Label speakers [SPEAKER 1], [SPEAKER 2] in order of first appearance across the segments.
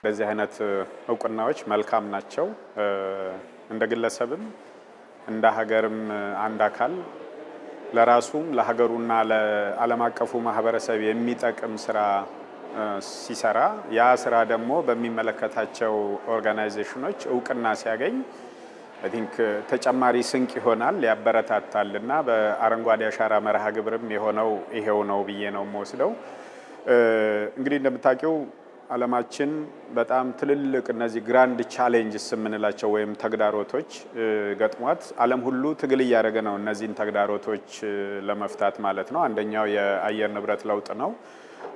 [SPEAKER 1] እንደዚህ አይነት እውቅናዎች መልካም ናቸው። እንደ ግለሰብም እንደ ሀገርም አንድ አካል ለራሱም ለሀገሩና ለዓለም አቀፉ ማህበረሰብ የሚጠቅም ስራ ሲሰራ ያ ስራ ደግሞ በሚመለከታቸው ኦርጋናይዜሽኖች እውቅና ሲያገኝ አይ ቲንክ ተጨማሪ ስንቅ ይሆናል፣ ያበረታታል እና በአረንጓዴ አሻራ መርሃ ግብርም የሆነው ይሄው ነው ብዬ ነው የምወስደው። እንግዲህ እንደምታውቂው አለማችን በጣም ትልልቅ እነዚህ ግራንድ ቻሌንጅስ የምንላቸው ወይም ተግዳሮቶች ገጥሟት አለም ሁሉ ትግል እያደረገ ነው እነዚህን ተግዳሮቶች ለመፍታት ማለት ነው። አንደኛው የአየር ንብረት ለውጥ ነው።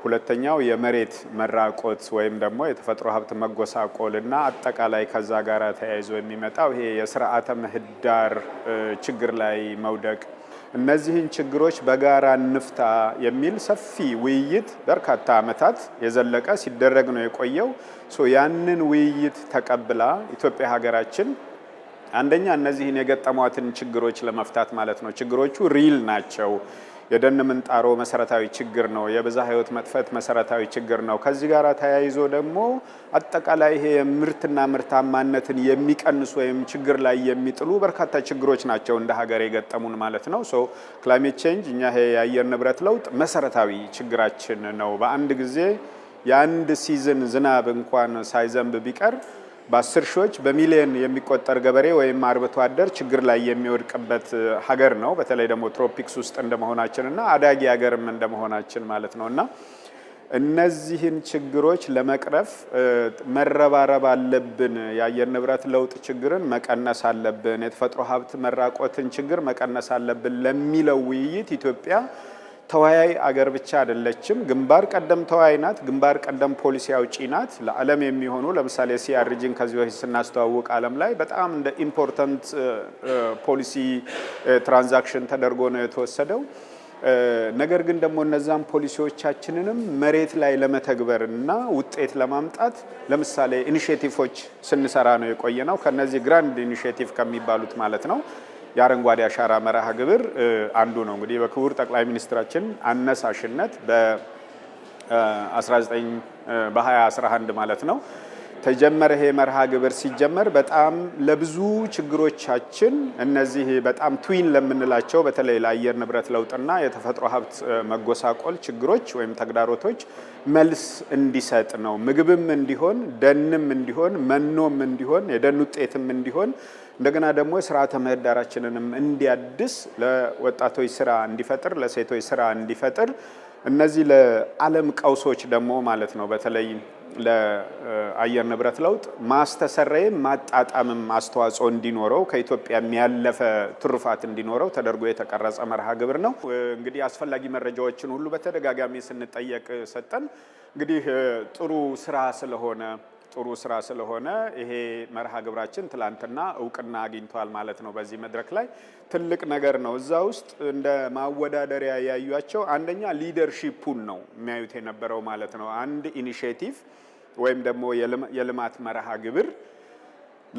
[SPEAKER 1] ሁለተኛው የመሬት መራቆት ወይም ደግሞ የተፈጥሮ ሀብት መጎሳቆል እና አጠቃላይ ከዛ ጋር ተያይዞ የሚመጣው ይሄ የስርዓተ ምህዳር ችግር ላይ መውደቅ እነዚህን ችግሮች በጋራ እንፍታ የሚል ሰፊ ውይይት በርካታ ዓመታት የዘለቀ ሲደረግ ነው የቆየው። ያንን ውይይት ተቀብላ ኢትዮጵያ ሀገራችን አንደኛ እነዚህን የገጠሟትን ችግሮች ለመፍታት ማለት ነው። ችግሮቹ ሪል ናቸው። የደን ምንጣሮ መሰረታዊ ችግር ነው። የብዛ ህይወት መጥፈት መሰረታዊ ችግር ነው። ከዚህ ጋር ተያይዞ ደግሞ አጠቃላይ ይሄ ምርትና ምርታማነትን የሚቀንሱ ወይም ችግር ላይ የሚጥሉ በርካታ ችግሮች ናቸው እንደ ሀገር የገጠሙን ማለት ነው። ሶ ክላይሜት ቼንጅ እኛ ይሄ የአየር ንብረት ለውጥ መሰረታዊ ችግራችን ነው። በአንድ ጊዜ የአንድ ሲዝን ዝናብ እንኳን ሳይዘንብ ቢቀር በአስር ሺዎች በሚሊየን የሚቆጠር ገበሬ ወይም አርብቶ አደር ችግር ላይ የሚወድቅበት ሀገር ነው። በተለይ ደግሞ ትሮፒክስ ውስጥ እንደመሆናችን እና አዳጊ ሀገርም እንደመሆናችን ማለት ነው እና እነዚህን ችግሮች ለመቅረፍ መረባረብ አለብን። የአየር ንብረት ለውጥ ችግርን መቀነስ አለብን፣ የተፈጥሮ ሀብት መራቆትን ችግር መቀነስ አለብን ለሚለው ውይይት ኢትዮጵያ ተወያይ አገር ብቻ አይደለችም። ግንባር ቀደም ተወያይ ናት። ግንባር ቀደም ፖሊሲ አውጪ ናት። ለዓለም የሚሆኑ ለምሳሌ ሲአርጂን ከዚህ በፊት ስናስተዋውቅ ዓለም ላይ በጣም እንደ ኢምፖርታንት ፖሊሲ ትራንዛክሽን ተደርጎ ነው የተወሰደው። ነገር ግን ደግሞ እነዛን ፖሊሲዎቻችንንም መሬት ላይ ለመተግበር እና ውጤት ለማምጣት ለምሳሌ ኢኒሽቲቮች ስንሰራ ነው የቆየ ነው። ከነዚህ ግራንድ ኢኒሽቲቭ ከሚባሉት ማለት ነው የአረንጓዴ አሻራ መርሃ ግብር አንዱ ነው። እንግዲህ በክቡር ጠቅላይ ሚኒስትራችን አነሳሽነት በ19 በ2011 ማለት ነው ተጀመረ። ይሄ መርሃ ግብር ሲጀመር በጣም ለብዙ ችግሮቻችን እነዚህ በጣም ትዊን ለምንላቸው በተለይ ለአየር ንብረት ለውጥና የተፈጥሮ ሀብት መጎሳቆል ችግሮች ወይም ተግዳሮቶች መልስ እንዲሰጥ ነው። ምግብም እንዲሆን፣ ደንም እንዲሆን፣ መኖም እንዲሆን፣ የደን ውጤትም እንዲሆን እንደገና ደግሞ ስርዓተ ምህዳራችንንም እንዲያድስ ለወጣቶች ስራ እንዲፈጥር፣ ለሴቶች ስራ እንዲፈጥር እነዚህ ለዓለም ቀውሶች ደግሞ ማለት ነው በተለይ ለአየር ንብረት ለውጥ ማስተሰረይም ማጣጣምም አስተዋጽኦ እንዲኖረው ከኢትዮጵያ የሚያለፈ ትሩፋት እንዲኖረው ተደርጎ የተቀረጸ መርሃ ግብር ነው። እንግዲህ አስፈላጊ መረጃዎችን ሁሉ በተደጋጋሚ ስንጠየቅ ሰጠን። እንግዲህ ጥሩ ስራ ስለሆነ ጥሩ ስራ ስለሆነ ይሄ መርሃ ግብራችን ትላንትና እውቅና አግኝቷል ማለት ነው። በዚህ መድረክ ላይ ትልቅ ነገር ነው። እዛ ውስጥ እንደ ማወዳደሪያ ያዩቸው አንደኛ ሊደርሺፑን ነው የሚያዩት የነበረው ማለት ነው። አንድ ኢኒሽቲቭ ወይም ደግሞ የልማት መርሃ ግብር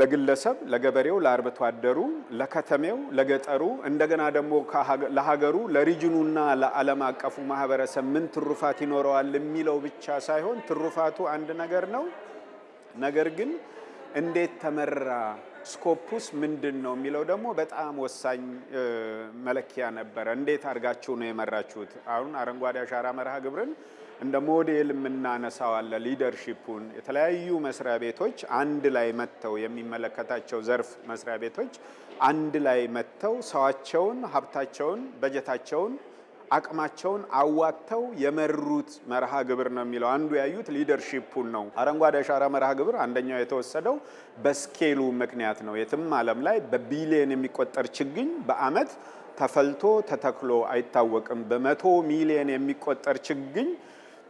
[SPEAKER 1] ለግለሰብ፣ ለገበሬው፣ ለአርብቶ አደሩ፣ ለከተሜው፣ ለገጠሩ እንደገና ደግሞ ለሀገሩ፣ ለሪጅኑና ለዓለም አቀፉ ማህበረሰብ ምን ትሩፋት ይኖረዋል የሚለው ብቻ ሳይሆን ትሩፋቱ አንድ ነገር ነው። ነገር ግን እንዴት ተመራ ስኮፑስ ምንድን ነው የሚለው ደግሞ በጣም ወሳኝ መለኪያ ነበረ። እንዴት አድርጋችሁ ነው የመራችሁት? አሁን አረንጓዴ አሻራ መርሃ ግብርን እንደ ሞዴል የምናነሳዋለ ሊደርሺፑን የተለያዩ መስሪያ ቤቶች አንድ ላይ መጥተው የሚመለከታቸው ዘርፍ መስሪያ ቤቶች አንድ ላይ መጥተው ሰዋቸውን፣ ሀብታቸውን፣ በጀታቸውን አቅማቸውን አዋጥተው የመሩት መርሃ ግብር ነው የሚለው አንዱ ያዩት ሊደርሺፑን ነው። አረንጓዴ አሻራ መርሃ ግብር አንደኛው የተወሰደው በስኬሉ ምክንያት ነው። የትም ዓለም ላይ በቢሊየን የሚቆጠር ችግኝ በአመት ተፈልቶ ተተክሎ አይታወቅም። በመቶ ሚሊየን የሚቆጠር ችግኝ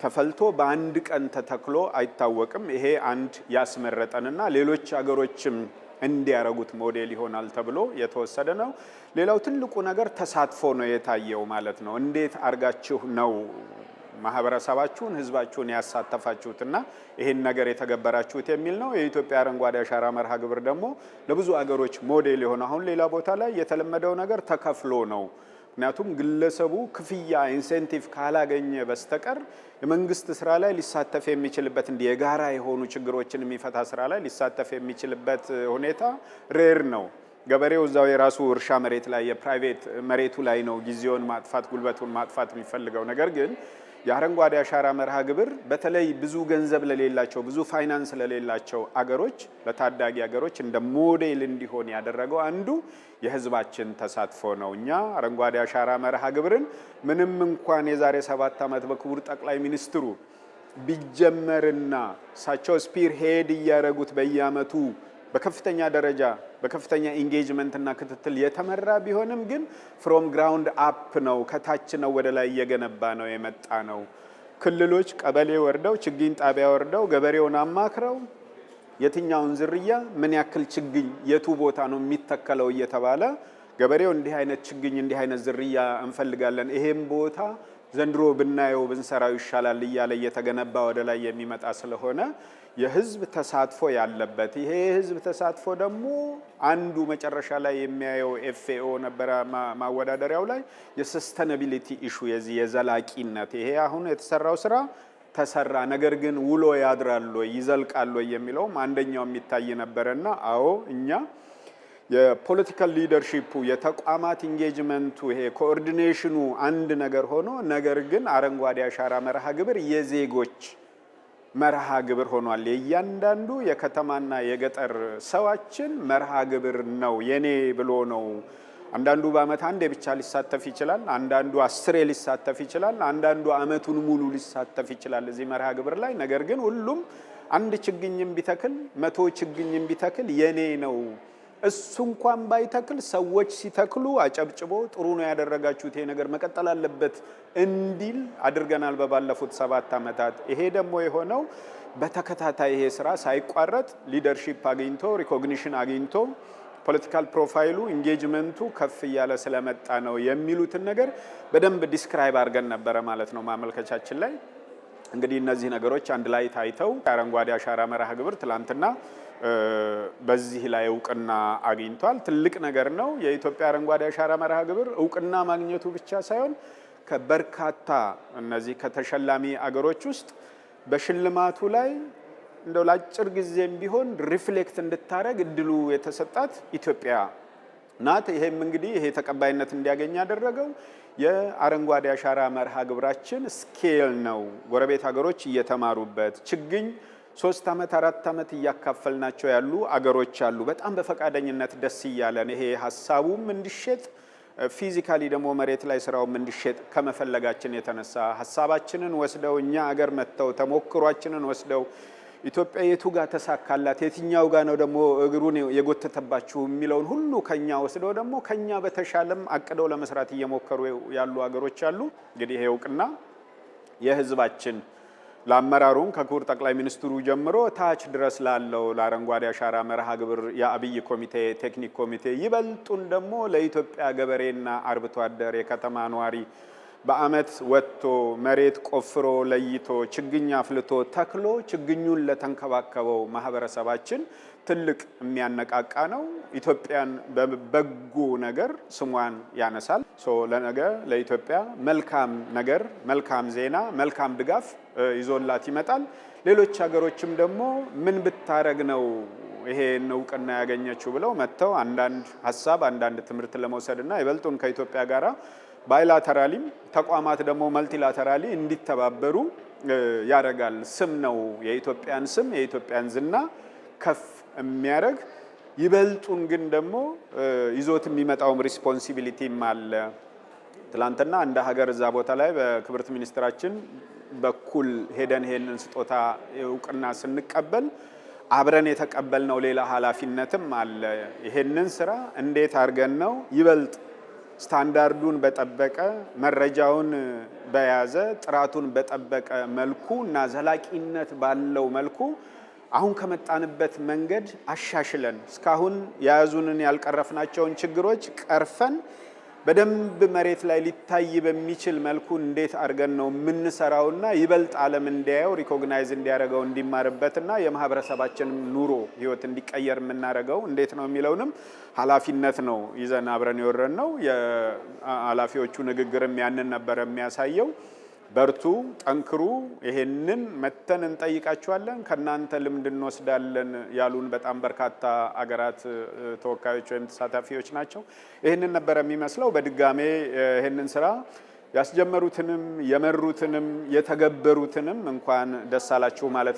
[SPEAKER 1] ተፈልቶ በአንድ ቀን ተተክሎ አይታወቅም። ይሄ አንድ ያስመረጠንና ሌሎች አገሮችም እንዲያረጉት ሞዴል ይሆናል ተብሎ የተወሰደ ነው። ሌላው ትልቁ ነገር ተሳትፎ ነው የታየው ማለት ነው። እንዴት አድርጋችሁ ነው ማህበረሰባችሁን ህዝባችሁን ያሳተፋችሁትና ይህን ነገር የተገበራችሁት የሚል ነው። የኢትዮጵያ አረንጓዴ አሻራ መርሃ ግብር ደግሞ ለብዙ አገሮች ሞዴል የሆነ አሁን ሌላ ቦታ ላይ የተለመደው ነገር ተከፍሎ ነው ምክንያቱም ግለሰቡ ክፍያ ኢንሴንቲቭ ካላገኘ በስተቀር የመንግስት ስራ ላይ ሊሳተፍ የሚችልበት እንዲህ የጋራ የሆኑ ችግሮችን የሚፈታ ስራ ላይ ሊሳተፍ የሚችልበት ሁኔታ ሬር ነው። ገበሬው እዛው የራሱ እርሻ መሬት ላይ የፕራይቬት መሬቱ ላይ ነው ጊዜውን ማጥፋት ጉልበቱን ማጥፋት የሚፈልገው ነገር ግን የአረንጓዴ አሻራ መርሃ ግብር በተለይ ብዙ ገንዘብ ለሌላቸው ብዙ ፋይናንስ ለሌላቸው አገሮች ለታዳጊ አገሮች እንደ ሞዴል እንዲሆን ያደረገው አንዱ የህዝባችን ተሳትፎ ነው። እኛ አረንጓዴ አሻራ መርሃ ግብርን ምንም እንኳን የዛሬ ሰባት ዓመት በክቡር ጠቅላይ ሚኒስትሩ ቢጀመርና እሳቸው ስፒር ሄድ እያደረጉት በየአመቱ በከፍተኛ ደረጃ በከፍተኛ ኢንጌጅመንት እና ክትትል የተመራ ቢሆንም ግን ፍሮም ግራውንድ አፕ ነው፣ ከታች ነው ወደ ላይ እየገነባ ነው የመጣ ነው። ክልሎች ቀበሌ ወርደው ችግኝ ጣቢያ ወርደው ገበሬውን አማክረው የትኛውን ዝርያ ምን ያክል ችግኝ የቱ ቦታ ነው የሚተከለው እየተባለ ገበሬው እንዲህ አይነት ችግኝ እንዲህ አይነት ዝርያ እንፈልጋለን፣ ይሄም ቦታ ዘንድሮ ብናየው ብንሰራው ይሻላል እያለ እየተገነባ ወደ ላይ የሚመጣ ስለሆነ የህዝብ ተሳትፎ ያለበት ይሄ የህዝብ ተሳትፎ ደግሞ አንዱ መጨረሻ ላይ የሚያየው ኤፍኤኦ ነበረ ማወዳደሪያው ላይ የሰስተናቢሊቲ ኢሹ የዚህ የዘላቂነት ይሄ አሁን የተሰራው ስራ ተሰራ፣ ነገር ግን ውሎ ያድራል ወይ የሚለውም አንደኛው የሚታይ ነበረና አዎ እኛ የፖለቲካል ሊደርሺፑ የተቋማት ኢንጌጅመንቱ ይሄ ኮኦርዲኔሽኑ አንድ ነገር ሆኖ ነገር ግን አረንጓዴ አሻራ መርሃ ግብር የዜጎች መርሃ ግብር ሆኗል። የእያንዳንዱ የከተማና የገጠር ሰዋችን መርሃ ግብር ነው የኔ ብሎ ነው። አንዳንዱ በአመት አንዴ ብቻ ሊሳተፍ ይችላል። አንዳንዱ አስሬ ሊሳተፍ ይችላል። አንዳንዱ አመቱን ሙሉ ሊሳተፍ ይችላል እዚህ መርሃ ግብር ላይ። ነገር ግን ሁሉም አንድ ችግኝም ቢተክል መቶ ችግኝም ቢተክል የኔ ነው እሱ እንኳን ባይተክል ሰዎች ሲተክሉ አጨብጭቦ ጥሩ ነው ያደረጋችሁት፣ ይሄ ነገር መቀጠል አለበት እንዲል አድርገናል በባለፉት ሰባት ዓመታት። ይሄ ደግሞ የሆነው በተከታታይ ይሄ ስራ ሳይቋረጥ ሊደርሺፕ አግኝቶ ሪኮግኒሽን አግኝቶ ፖለቲካል ፕሮፋይሉ ኢንጌጅመንቱ ከፍ እያለ ስለመጣ ነው የሚሉትን ነገር በደንብ ዲስክራይብ አድርገን ነበረ ማለት ነው ማመልከቻችን ላይ። እንግዲህ እነዚህ ነገሮች አንድ ላይ ታይተው የአረንጓዴ አሻራ መርሃ ግብር ትላንትና በዚህ ላይ እውቅና አግኝቷል። ትልቅ ነገር ነው። የኢትዮጵያ አረንጓዴ አሻራ መርሃ ግብር እውቅና ማግኘቱ ብቻ ሳይሆን ከበርካታ እነዚህ ከተሸላሚ አገሮች ውስጥ በሽልማቱ ላይ እንደው ለአጭር ጊዜም ቢሆን ሪፍሌክት እንድታደረግ እድሉ የተሰጣት ኢትዮጵያ ናት። ይሄም እንግዲህ ይሄ ተቀባይነት እንዲያገኝ ያደረገው የአረንጓዴ አሻራ መርሃ ግብራችን ስኬል ነው። ጎረቤት ሀገሮች እየተማሩበት ችግኝ ሶስት ዓመት አራት ዓመት እያካፈልናቸው ያሉ አገሮች አሉ። በጣም በፈቃደኝነት ደስ እያለን ይሄ ሀሳቡም እንዲሸጥ ፊዚካሊ ደግሞ መሬት ላይ ስራውም እንዲሸጥ ከመፈለጋችን የተነሳ ሀሳባችንን ወስደው እኛ አገር መጥተው ተሞክሯችንን ወስደው ኢትዮጵያ የቱ ጋር ተሳካላት፣ የትኛው ጋር ነው ደግሞ እግሩን የጎተተባችሁ የሚለውን ሁሉ ከኛ ወስደው ደግሞ ከኛ በተሻለም አቅደው ለመስራት እየሞከሩ ያሉ አገሮች አሉ። እንግዲህ ይሄ እውቅና የህዝባችን ለአመራሩም ከክቡር ጠቅላይ ሚኒስትሩ ጀምሮ ታች ድረስ ላለው ለአረንጓዴ አሻራ መርሃ ግብር የአብይ ኮሚቴ ቴክኒክ ኮሚቴ ይበልጡን ደግሞ ለኢትዮጵያ ገበሬና አርብቶ አደር የከተማ ነዋሪ በአመት ወጥቶ መሬት ቆፍሮ ለይቶ ችግኝ አፍልቶ ተክሎ ችግኙን ለተንከባከበው ማህበረሰባችን ትልቅ የሚያነቃቃ ነው። ኢትዮጵያን በበጎ ነገር ስሟን ያነሳል። ለነገ ለኢትዮጵያ መልካም ነገር፣ መልካም ዜና፣ መልካም ድጋፍ ይዞላት ይመጣል። ሌሎች ሀገሮችም ደግሞ ምን ብታረግ ነው ይሄን እውቅና ያገኘችው ብለው መጥተው አንዳንድ ሀሳብ አንዳንድ ትምህርት ለመውሰድና ይበልጡን ከኢትዮጵያ ጋር ባይላተራሊም ተቋማት ደግሞ መልቲላተራሊ እንዲተባበሩ ያደርጋል። ስም ነው የኢትዮጵያን ስም የኢትዮጵያን ዝና ከፍ የሚያደርግ ይበልጡን ግን ደግሞ ይዞት የሚመጣውም ሪስፖንሲቢሊቲም አለ። ትላንትና እንደ ሀገር እዛ ቦታ ላይ በክብርት ሚኒስትራችን በኩል ሄደን ይሄንን ስጦታ እውቅና ስንቀበል አብረን የተቀበልነው ሌላ ኃላፊነትም አለ። ይሄንን ስራ እንዴት አድርገን ነው ይበልጥ ስታንዳርዱን በጠበቀ መረጃውን በያዘ ጥራቱን በጠበቀ መልኩ እና ዘላቂነት ባለው መልኩ አሁን ከመጣንበት መንገድ አሻሽለን እስካሁን የያዙንን ያልቀረፍናቸውን ችግሮች ቀርፈን በደንብ መሬት ላይ ሊታይ በሚችል መልኩ እንዴት አድርገን ነው የምንሰራውና ይበልጥ ዓለም እንዲያየው ሪኮግናይዝ እንዲያደርገው እንዲማርበትና የማህበረሰባችን ኑሮ ህይወት እንዲቀየር የምናደርገው እንዴት ነው የሚለውንም ኃላፊነት ነው ይዘን አብረን የወረን ነው። የኃላፊዎቹ ንግግርም ያንን ነበረ የሚያሳየው። በርቱ፣ ጠንክሩ፣ ይሄንን መተን እንጠይቃችኋለን፣ ከእናንተ ልምድ እንወስዳለን ያሉን በጣም በርካታ አገራት ተወካዮች ወይም ተሳታፊዎች ናቸው። ይህንን ነበር የሚመስለው። በድጋሜ ይህንን ስራ ያስጀመሩትንም የመሩትንም የተገበሩትንም እንኳን ደስ አላችሁ ማለት